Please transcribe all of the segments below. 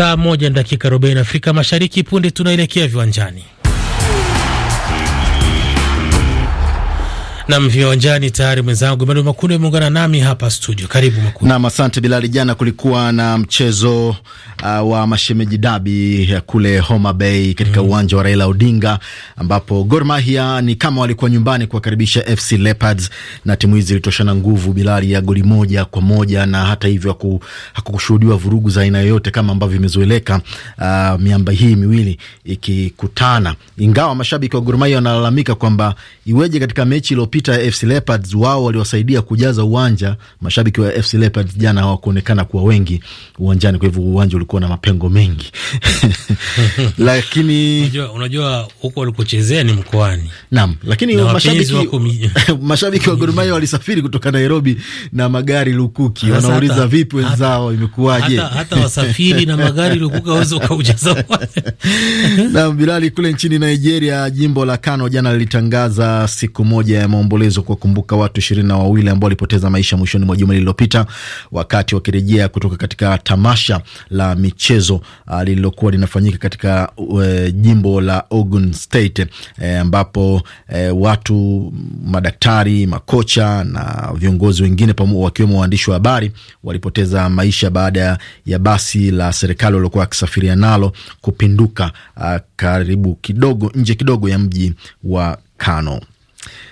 Saa moja na dakika arobaini Afrika Mashariki. Punde tunaelekea viwanjani. Nam viwanjani tayari mwenzangu Emanuel Makunde ameungana nami hapa studio. Karibu Makunde. Nam asante Bilali. Jana kulikuwa na mchezo uh, wa mashemeji dabi kule Homa Bay katika mm. uwanja mm. wa Raila Odinga ambapo Gor Mahia ni kama walikuwa nyumbani kuwakaribisha FC Leopards na timu hizi zilitoshana nguvu Bilali ya goli moja kwa moja na hata hivyo hakukushuhudiwa vurugu za aina yoyote kama ambavyo imezoeleka uh, miamba hii miwili ikikutana, ingawa mashabiki wa Gor Mahia wanalalamika kwamba iweje katika mechi iliyopita iliyopita FC Leopards wao waliwasaidia kujaza uwanja. Mashabiki wa FC Leopards jana hawakuonekana kuwa wengi uwanjani, kwa hivyo uwanja ulikuwa na mapengo mengi lakini unajua, unajua huko walikochezea ni mkoani. nam, lakini na mashabiki mashabiki wa Gor Mahia walisafiri kutoka Nairobi na magari lukuki, wanauliza vipi wenzao, imekuwaje? hata, hata wasafiri na magari lukuki waweza wakaujaza nam Bilali kule nchini Nigeria, jimbo la Kano jana lilitangaza siku moja ya maombolezo maombolezo kuwakumbuka watu ishirini na wawili ambao walipoteza maisha mwishoni mwa juma lililopita wakati wakirejea kutoka katika tamasha la michezo ah, lililokuwa linafanyika katika uh, jimbo la Ogun State eh, ambapo e, watu madaktari, makocha na viongozi wengine wakiwemo waandishi wa habari walipoteza maisha baada ya basi la serikali waliokuwa wakisafiria nalo kupinduka a, ah, karibu kidogo nje kidogo ya mji wa Kano.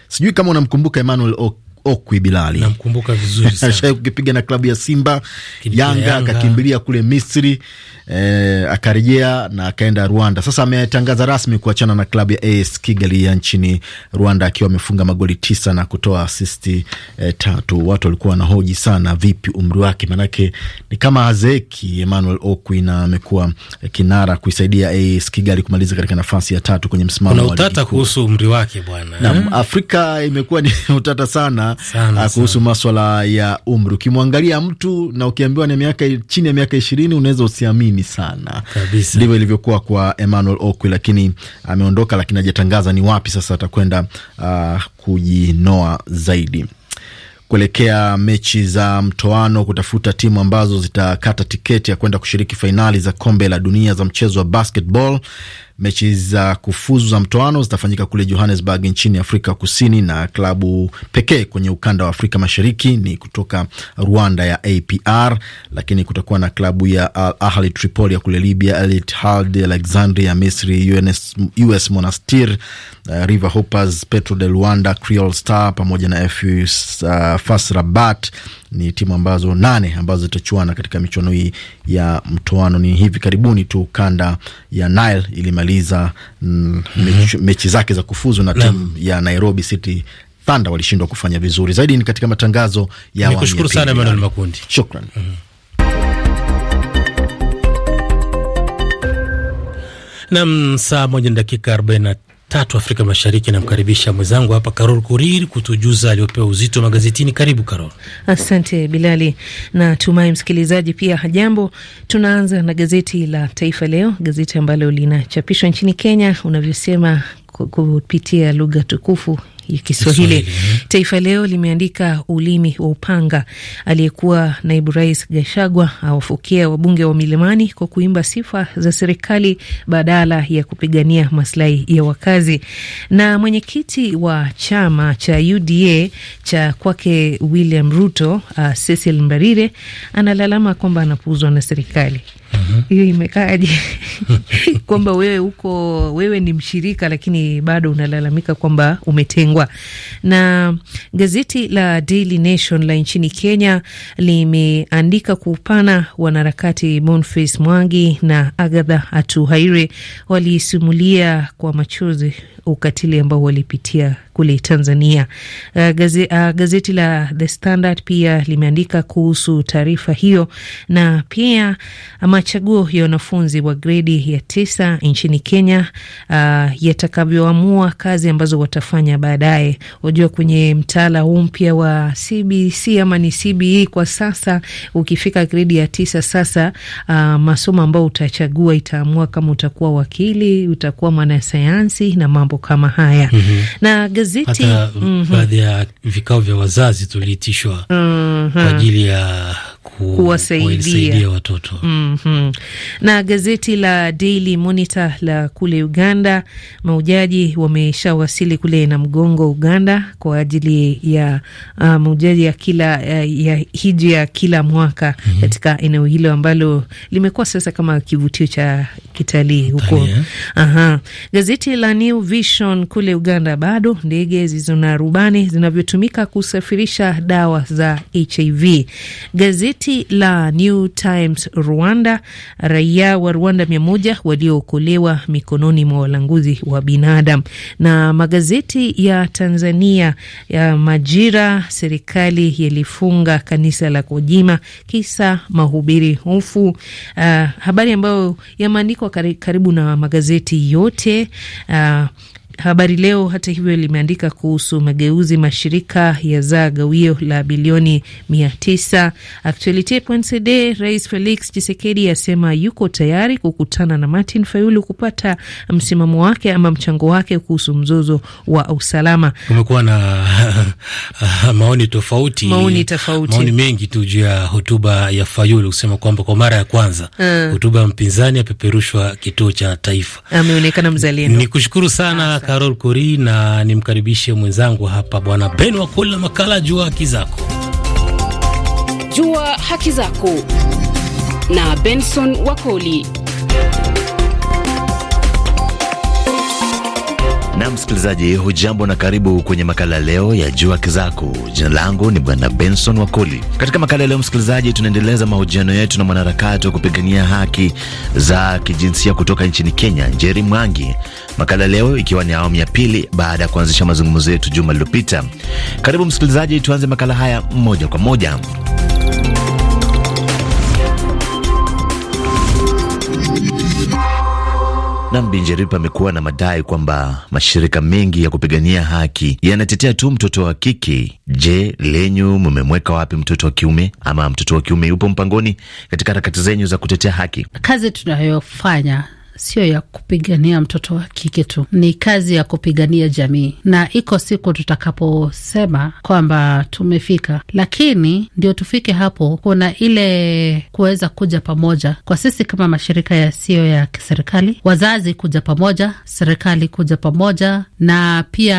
Sijui kama unamkumbuka Emmanuel o Okwi Bilali, namkumbuka vizuri sana, kukipiga na klabu ya Simba Yanga, akakimbilia kule Misri eh, akarejea na akaenda Rwanda. Sasa ametangaza rasmi kuachana na klabu ya AS Kigali ya nchini Rwanda akiwa amefunga magoli tisa na kutoa asisti eh, tatu. Watu walikuwa wanahoji sana, vipi umri wake? Maanake ni kama azeki Emmanuel Okwi na amekuwa eh, kinara kuisaidia AS Kigali kumaliza katika nafasi ya tatu kwenye msimamo wa utata kuhusu umri wake bwana. Eh? Naam, Afrika imekuwa ni utata sana, sana ah, kuhusu maswala ya umri. Ukimwangalia mtu na ukiambiwa na miaka chini ya miaka ishirini unaweza usiamini muhimu sana Ndivyo ilivyokuwa kwa Emmanuel Okwi, lakini ameondoka, lakini hajatangaza ni wapi sasa atakwenda uh, kujinoa zaidi kuelekea mechi za mtoano kutafuta timu ambazo zitakata tiketi ya kwenda kushiriki fainali za kombe la dunia za mchezo wa basketball. Mechi za kufuzu za mtoano zitafanyika kule Johannesburg nchini Afrika Kusini, na klabu pekee kwenye ukanda wa Afrika Mashariki ni kutoka Rwanda ya APR, lakini kutakuwa na klabu ya Al Ahli Tripoli ya kule Libya, Al Ittihad Alexandria ya Misri, UNS, US Monastir, uh, River Hoppers, Petro de Luanda, creol Star pamoja na FUS, uh, FAS Rabat ni timu ambazo nane ambazo zitachuana katika michuano hii ya mtoano. Ni hivi karibuni tu kanda ya Nile ilimaliza mm, mhm. mechi, mechi zake za kufuzu na timu ya Nairobi City Thunder walishindwa kufanya vizuri zaidi. Ni katika matangazo ya nikushukuru sana Emanuel Makundi, shukran. mm -hmm. Nam, saa moja na dakika arobaini tatu Afrika Mashariki. Namkaribisha mwenzangu hapa Karol Kuriri kutujuza aliyopewa uzito magazetini. Karibu Karol. Asante Bilali na tumai msikilizaji pia hajambo. Tunaanza na gazeti la Taifa Leo, gazeti ambalo linachapishwa nchini Kenya unavyosema kupitia lugha tukufu ya Kiswahili. Eh. Taifa Leo limeandika ulimi wa upanga, aliyekuwa naibu rais Gashagwa awafukia wabunge wa milimani kwa kuimba sifa za serikali badala ya kupigania maslahi ya wakazi. Na mwenyekiti wa chama cha UDA cha kwake William Ruto, uh, Cecil Mbarire analalama kwamba anapuuzwa na serikali. Mhm. hiyo imekaaje? kwamba wewe uko wewe ni mshirika, lakini bado unalalamika kwamba umetengwa. Na gazeti la Daily Nation la nchini Kenya limeandika kwa upana, wanaharakati Boniface Mwangi na Agatha Atuhaire walisimulia kwa machozi ukatili ambao walipitia kule Tanzania. Uh, gaze, uh, gazeti la The Standard pia limeandika kuhusu taarifa hiyo na pia ama machaguo ya wanafunzi wa gredi ya tisa nchini Kenya uh, yatakavyoamua kazi ambazo watafanya baadaye. Wajua, kwenye mtaala huu mpya wa CBC ama ni CBE kwa sasa, ukifika gredi ya tisa sasa, uh, masomo ambayo utachagua itaamua kama utakuwa wakili, utakuwa mwanasayansi na mambo kama haya. mm -hmm. na gazeti mm -hmm. baadhi ya vikao vya wazazi tuliitishwa mm -hmm. kwa ajili ya kuwasaidia watoto mm -hmm. Na gazeti la Daily Monitor la kule Uganda, maujaji wameshawasili kule na mgongo Uganda kwa ajili ya uh, maujaji ya kila ya, uh, ya hiji ya kila mwaka mm -hmm. katika eneo hilo ambalo limekuwa sasa kama kivutio cha kitalii huko. Eh? Aha. Gazeti la New Vision kule Uganda, bado ndege zisizo na rubani zinavyotumika kusafirisha dawa za HIV. Gazeti la New Times Rwanda, rai raia wa Rwanda mia moja waliookolewa mikononi mwa walanguzi wa binadamu. Na magazeti ya Tanzania ya Majira, serikali yalifunga kanisa la Kojima kisa mahubiri hofu. Uh, habari ambayo yameandikwa karibu na magazeti yote uh, Habari Leo hata hivyo limeandika kuhusu mageuzi, mashirika ya zaa gawio la bilioni mia tisa. Actualite.cd, Rais Felix Chisekedi asema yuko tayari kukutana na Martin Fayulu kupata msimamo wake ama mchango wake kuhusu mzozo wa usalama. Kumekuwa na maoni tofauti, maoni tofauti, maoni mengi tu juu ya hotuba ya Fayulu kusema kwamba kwa mara ya kwanza ah. hotuba ya mpinzani apeperushwa kituo cha taifa, ameonekana mzalendo. kushukuru sana. Carol Kori, na nimkaribishe mwenzangu hapa Bwana Ben Wakoli na makala Jua Haki Zako. Jua Haki Zako na Benson Wakoli. Na msikilizaji, hujambo na karibu kwenye makala leo ya Jua Haki Zako. Jina langu ni Bwana Benson Wakoli. Katika makala leo, msikilizaji, tunaendeleza mahojiano yetu na mwanaharakati wa kupigania haki za kijinsia kutoka nchini Kenya, Njeri Mwangi. Makala leo ikiwa ni awamu ya pili baada ya kuanzisha mazungumzo yetu juma lililopita. Karibu msikilizaji, tuanze makala haya moja kwa moja. Nam Binjerip amekuwa na madai kwamba mashirika mengi ya kupigania haki yanatetea tu mtoto wa kike. Je, lenyu mumemweka wapi mtoto wa kiume, ama mtoto wa kiume yupo mpangoni katika harakati zenyu za kutetea haki? Kazi tunayofanya sio ya kupigania mtoto wa kike tu, ni kazi ya kupigania jamii, na iko siku tutakaposema kwamba tumefika, lakini ndio tufike hapo, kuna ile kuweza kuja pamoja kwa sisi kama mashirika yasiyo ya, ya kiserikali, wazazi kuja pamoja, serikali kuja pamoja, na pia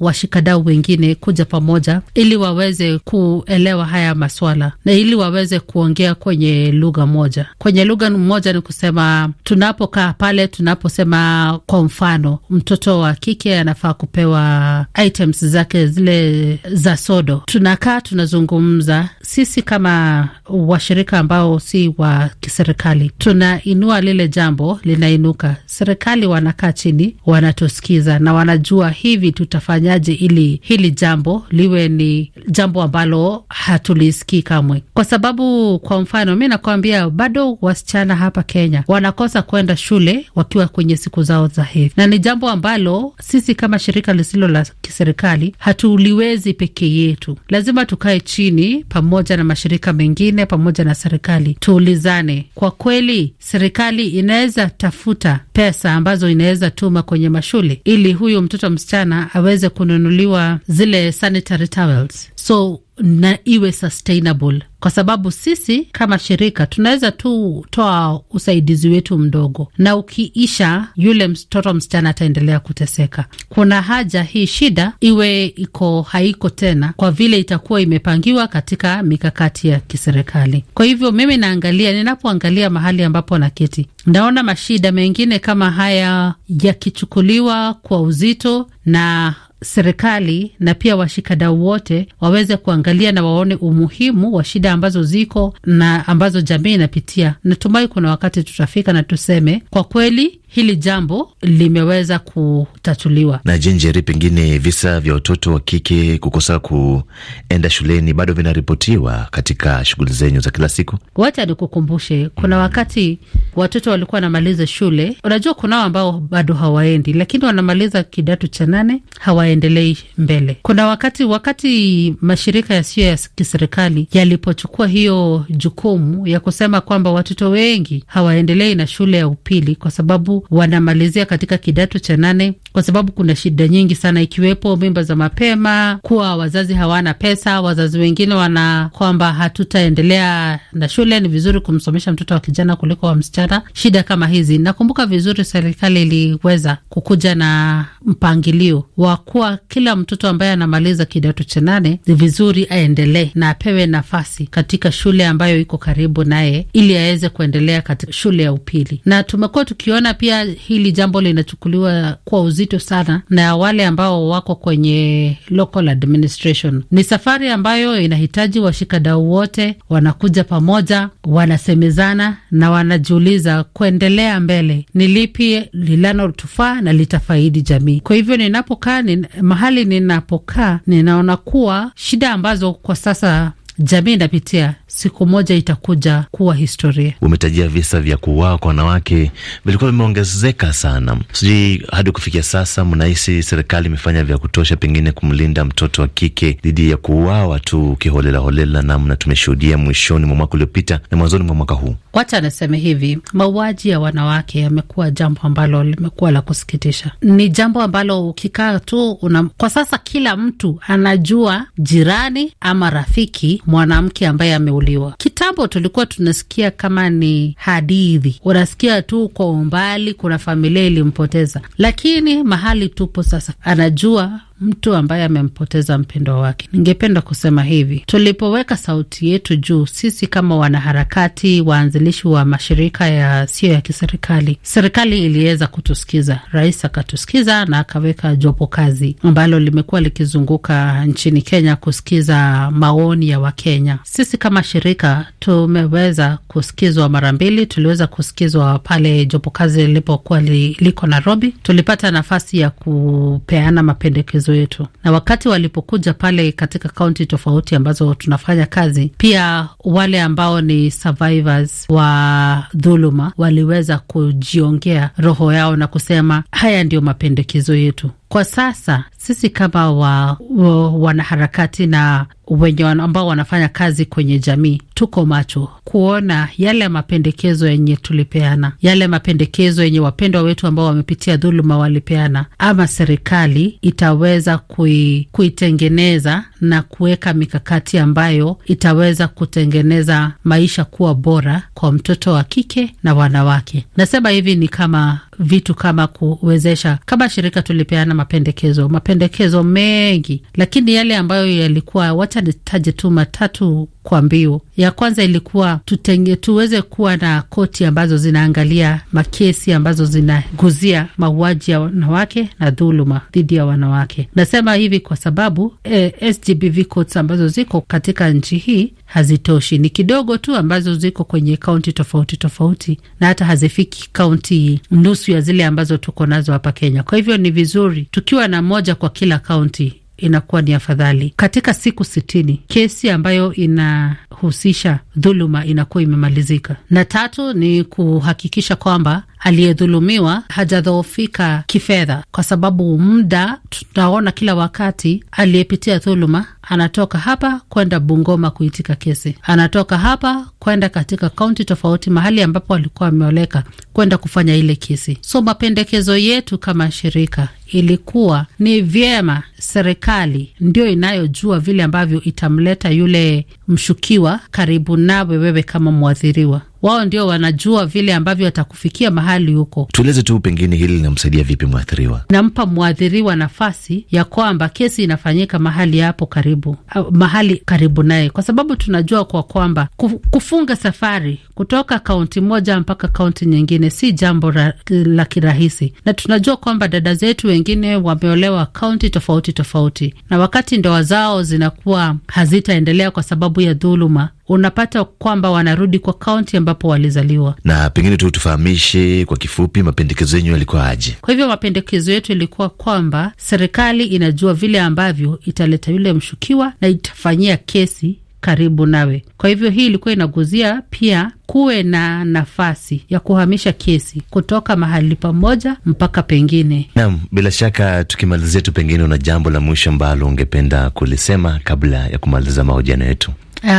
washikadau wengine kuja pamoja, ili waweze kuelewa haya maswala na ili waweze kuongea kwenye lugha moja. Kwenye lugha moja ni kusema tunapokaa pale tunaposema kwa mfano mtoto wa kike anafaa kupewa items zake zile za sodo, tunakaa tunazungumza sisi kama washirika ambao si wa kiserikali, tunainua lile jambo linainuka. Serikali wanakaa chini, wanatusikiza na wanajua hivi tutafanyaje ili hili jambo liwe ni jambo ambalo hatulisikii kamwe, kwa sababu kwa mfano mi nakwambia, bado wasichana hapa Kenya wanakosa kwenda shule shule wakiwa kwenye siku zao za hedhi, na ni jambo ambalo sisi kama shirika lisilo la kiserikali hatuliwezi peke yetu. Lazima tukae chini pamoja na mashirika mengine pamoja na serikali, tuulizane kwa kweli, serikali inaweza tafuta pesa ambazo inaweza tuma kwenye mashule ili huyu mtoto msichana aweze kununuliwa zile sanitary towels. So na iwe sustainable, kwa sababu sisi kama shirika tunaweza tu toa usaidizi wetu mdogo, na ukiisha, yule mtoto msichana ataendelea kuteseka. Kuna haja hii shida iwe iko haiko tena, kwa vile itakuwa imepangiwa katika mikakati ya kiserikali. Kwa hivyo mimi naangalia, ninapoangalia mahali ambapo naketi, naona mashida mengine kama haya yakichukuliwa kwa uzito na serikali na pia washikadau wote waweze kuangalia na waone umuhimu wa shida ambazo ziko na ambazo jamii inapitia. Natumai kuna wakati tutafika na tuseme kwa kweli hili jambo limeweza kutatuliwa. Na Jenjeri, pengine visa vya watoto wa kike kukosa kuenda shuleni bado vinaripotiwa katika shughuli zenyu za kila siku? Wacha nikukumbushe, kuna mm. wakati watoto walikuwa wanamaliza shule. Unajua, kunao ambao bado hawaendi, lakini wanamaliza kidato cha nane, hawaendelei mbele. Kuna wakati wakati mashirika yasiyo ya kiserikali yalipochukua hiyo jukumu ya kusema kwamba watoto wengi hawaendelei na shule ya upili kwa sababu wanamalizia katika kidato cha nane kwa sababu kuna shida nyingi sana, ikiwepo mimba za mapema, kuwa wazazi hawana pesa. Wazazi wengine wana kwamba hatutaendelea na shule, ni vizuri kumsomesha mtoto wa kijana kuliko wa msichana, shida kama hizi. Nakumbuka vizuri serikali iliweza kukuja na mpangilio wa kuwa kila mtoto ambaye anamaliza kidato cha nane ni vizuri aendelee na apewe nafasi katika shule ambayo iko karibu naye, ili aweze kuendelea katika shule ya upili, na tumekuwa tukiona pia hili jambo linachukuliwa kwa uzi nzito sana na wale ambao wako kwenye local administration. Ni safari ambayo inahitaji washikadau wote wanakuja pamoja, wanasemezana na wanajiuliza kuendelea mbele, ni lipi linalotufaa na litafaidi jamii. Kwa hivyo ninapokaa, nin, mahali ninapokaa ninaona kuwa shida ambazo kwa sasa jamii inapitia, siku moja itakuja kuwa historia. Umetajia visa vya kuuawa kwa wanawake vilikuwa vimeongezeka sana, sijui hadi kufikia sasa, mnahisi serikali imefanya vya kutosha pengine kumlinda mtoto wa kike dhidi ya kuuawa tu kiholelaholela, namna tumeshuhudia mwishoni mwa mwaka uliopita na mwanzoni mwa mwaka huu? Wacha anasema hivi, mauaji ya wanawake yamekuwa jambo ambalo limekuwa la kusikitisha. Ni jambo ambalo ukikaa tu una, kwa sasa kila mtu anajua jirani ama rafiki mwanamke ambaye ameuliwa. Kitambo tulikuwa tunasikia kama ni hadithi, unasikia tu kwa umbali, kuna familia ilimpoteza, lakini mahali tupo sasa, anajua mtu ambaye amempoteza mpendwa wake. Ningependa kusema hivi, tulipoweka sauti yetu juu, sisi kama wanaharakati, waanzilishi wa mashirika yasiyo ya kiserikali, serikali iliweza kutusikiza. Rais akatusikiza na akaweka jopo kazi ambalo limekuwa likizunguka nchini Kenya kusikiza maoni ya Wakenya. Sisi kama shirika tumeweza kusikizwa mara mbili. Tuliweza kusikizwa pale jopo kazi lilipokuwa liko Nairobi, tulipata nafasi ya kupeana mapendekezo michezo yetu, na wakati walipokuja pale katika kaunti tofauti ambazo tunafanya kazi, pia wale ambao ni survivors wa dhuluma waliweza kujiongea roho yao na kusema haya ndiyo mapendekezo yetu. Kwa sasa sisi kama wa, wa, wanaharakati na wenye ambao wanafanya kazi kwenye jamii, tuko macho kuona yale mapendekezo yenye tulipeana, yale mapendekezo yenye wapendwa wetu ambao wamepitia dhuluma walipeana, ama serikali itaweza kui, kuitengeneza na kuweka mikakati ambayo itaweza kutengeneza maisha kuwa bora kwa mtoto wa kike na wanawake. Nasema hivi ni kama vitu kama kuwezesha, kama shirika tulipeana mapendekezo, mapendekezo mengi, lakini yale ambayo yalikuwa, wacha nitaje tu matatu kwa mbio. Ya kwanza ilikuwa tutenge, tuweze kuwa na koti ambazo zinaangalia makesi ambazo zinaguzia mauaji ya wanawake na dhuluma dhidi ya wanawake. Nasema hivi kwa sababu eh, SGBV courts ambazo ziko katika nchi hii hazitoshi, ni kidogo tu ambazo ziko kwenye kaunti tofauti tofauti, na hata hazifiki kaunti nusu ya zile ambazo tuko nazo hapa Kenya. Kwa hivyo ni vizuri tukiwa na moja kwa kila kaunti inakuwa ni afadhali. Katika siku sitini kesi ambayo inahusisha dhuluma inakuwa imemalizika. Na tatu ni kuhakikisha kwamba aliyedhulumiwa hajadhoofika kifedha, kwa sababu muda tunaona kila wakati aliyepitia dhuluma anatoka hapa kwenda Bungoma kuitika kesi, anatoka hapa kwenda katika kaunti tofauti, mahali ambapo alikuwa ameoleka kwenda kufanya ile kesi. So mapendekezo yetu kama shirika ilikuwa ni vyema serikali ndio inayojua vile ambavyo itamleta yule mshukiwa karibu nawe wewe kama mwathiriwa wao ndio wanajua vile ambavyo watakufikia mahali huko. Tueleze tu pengine hili linamsaidia vipi mwathiriwa? Nampa mwathiriwa nafasi ya kwamba kesi inafanyika mahali hapo karibu, mahali karibu naye, kwa sababu tunajua kwa kwamba kufunga safari kutoka kaunti moja mpaka kaunti nyingine si jambo la, la kirahisi, na tunajua kwamba dada zetu wengine wameolewa kaunti tofauti tofauti, na wakati ndoa zao zinakuwa hazitaendelea kwa sababu ya dhuluma unapata kwamba wanarudi kwa kaunti ambapo walizaliwa. Na pengine tu tufahamishe kwa kifupi, mapendekezo yenyu yalikuwa aje? Kwa hivyo mapendekezo yetu yalikuwa kwamba serikali inajua vile ambavyo italeta yule mshukiwa na itafanyia kesi karibu nawe. Kwa hivyo hii ilikuwa inaguzia pia kuwe na nafasi ya kuhamisha kesi kutoka mahali pamoja mpaka pengine. Naam, bila shaka tukimalizia tu, pengine una jambo la mwisho ambalo ungependa kulisema kabla ya kumaliza mahojiano yetu? Uh,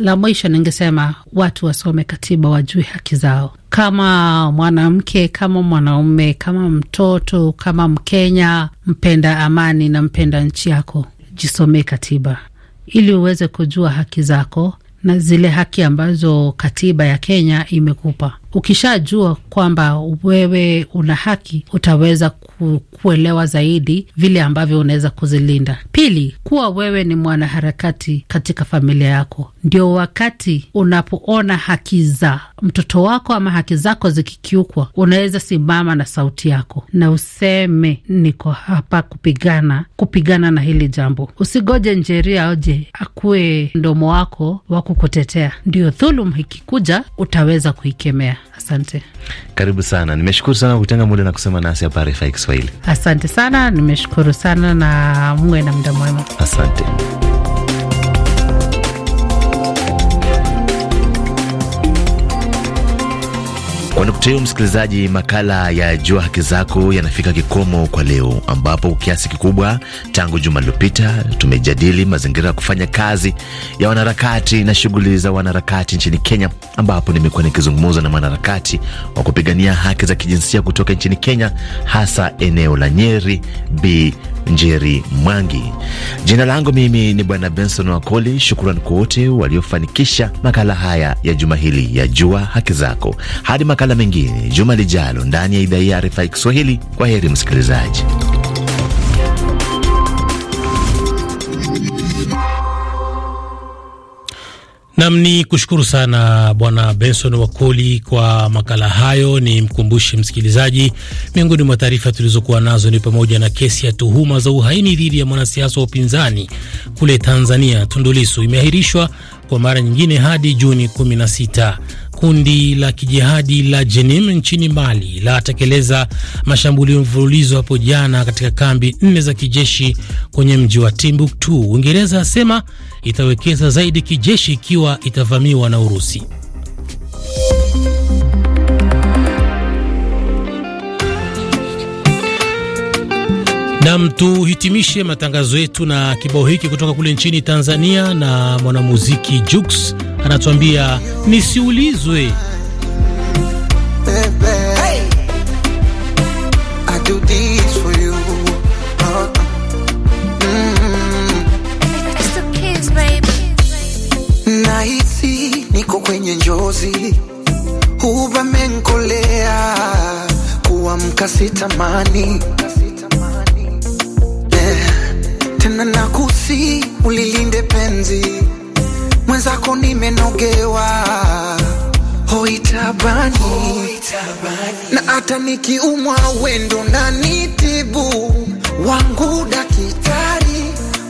la mwisho ningesema watu wasome katiba, wajue haki zao kama mwanamke, kama mwanaume, kama mtoto, kama Mkenya mpenda amani na mpenda nchi yako, jisomee katiba ili uweze kujua haki zako na zile haki ambazo katiba ya Kenya imekupa ukishajua kwamba wewe una haki, utaweza kuelewa zaidi vile ambavyo unaweza kuzilinda. Pili, kuwa wewe ni mwanaharakati katika familia yako, ndio wakati unapoona haki za mtoto wako ama haki zako zikikiukwa, unaweza simama na sauti yako na useme, niko hapa kupigana kupigana na hili jambo. Usigoje njeria oje akuwe mdomo wako wa kukutetea. Ndio dhulum ikikuja utaweza kuikemea. Asante, karibu sana. Nimeshukuru sana kutenga muda na kusema nasi hapa RFI Kiswahili. Asante sana, nimeshukuru sana na mwe na muda mwema. Asante. Kwa nukta hiyo, msikilizaji, makala ya Jua Haki Zako yanafika kikomo kwa leo, ambapo kiasi kikubwa tangu juma lilopita tumejadili mazingira ya kufanya kazi ya wanaharakati na shughuli za wanaharakati nchini Kenya, ambapo nimekuwa nikizungumza na mwanaharakati wa kupigania haki za kijinsia kutoka nchini Kenya, hasa eneo la Nyeri, b Njeri Mwangi. Jina langu mimi ni Bwana Benson Wakoli. Shukrani kwa wote waliofanikisha makala haya ya juma hili ya Jua Haki Zako. Hadi makala mengine juma lijalo ndani ya idhaa ya RFI Kiswahili. Kwa heri msikilizaji. Nam ni kushukuru sana Bwana Benson Wakoli kwa makala hayo. Ni mkumbushe msikilizaji, miongoni mwa taarifa tulizokuwa nazo ni pamoja na kesi ya tuhuma za uhaini dhidi ya mwanasiasa wa upinzani kule Tanzania Tundulisu imeahirishwa kwa mara nyingine hadi Juni 16 kundi la kijihadi la Jenim nchini Mali latekeleza mashambulio mfululizo hapo jana katika kambi nne za kijeshi kwenye mji wa Timbuktu. Uingereza asema itawekeza zaidi kijeshi ikiwa itavamiwa na Urusi. Nam, tuhitimishe matangazo yetu na kibao hiki kutoka kule nchini Tanzania na mwanamuziki Jux anatuambia nisiulizwe. Uh-uh. Mm-hmm. Nahisi niko kwenye njozi, huva menkolea kuamka, sitamani yeah. Tena nakusi ulilinde penzi mwenzako nimenogewa, hoitabani Na hata nikiumwa wendo na nitibu, wangu dakitari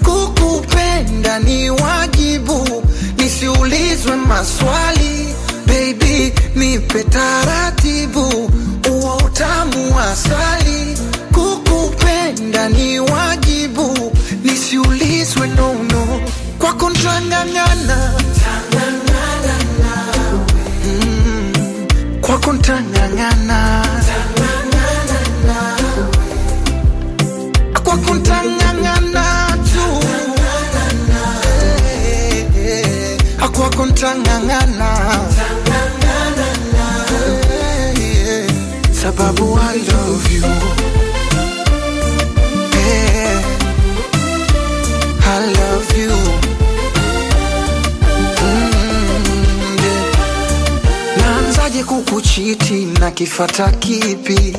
kukupenda ni wajibu, nisiulizwe maswali bebi nipe taratibu, uwa utamu asali, kukupenda ni wajibu, nisiulizwe no Unanifata kipi?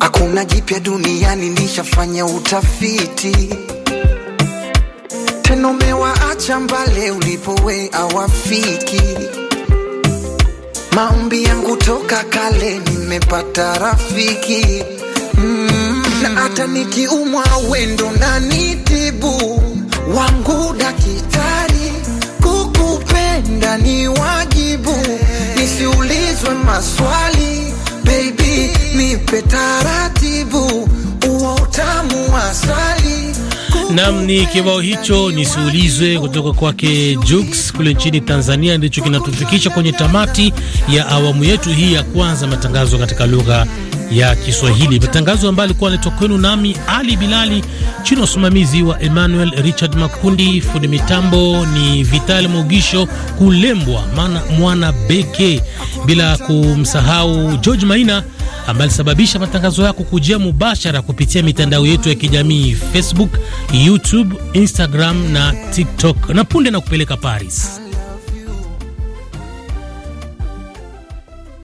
Hakuna jipya duniani, nishafanya utafiti tena. Umewaacha mbale ulipowe awafiki. Maombi yangu toka kale, nimepata rafiki mm. Na hata nikiumwa wendo na nitibu wangu dakitari kupenda ni wajibu, nisiulizwe maswali. Baby nipe taratibu, uwa utamu asali Nam ni kibao hicho nisiulizwe kutoka kwake Jux kule nchini Tanzania, ndicho kinatufikisha kwenye tamati ya awamu yetu hii ya kwanza matangazo katika lugha ya Kiswahili, matangazo ambayo alikuwa aletwa kwenu nami Ali Bilali chini ya usimamizi wa Emmanuel Richard Makundi. Fundi mitambo ni Vital Mogisho Kulembwa maana mwana beke, bila kumsahau George Maina ambaye alisababisha matangazo yako kujia mubashara kupitia mitandao yetu ya kijamii Facebook, YouTube, Instagram na TikTok, na punde na kupeleka Paris.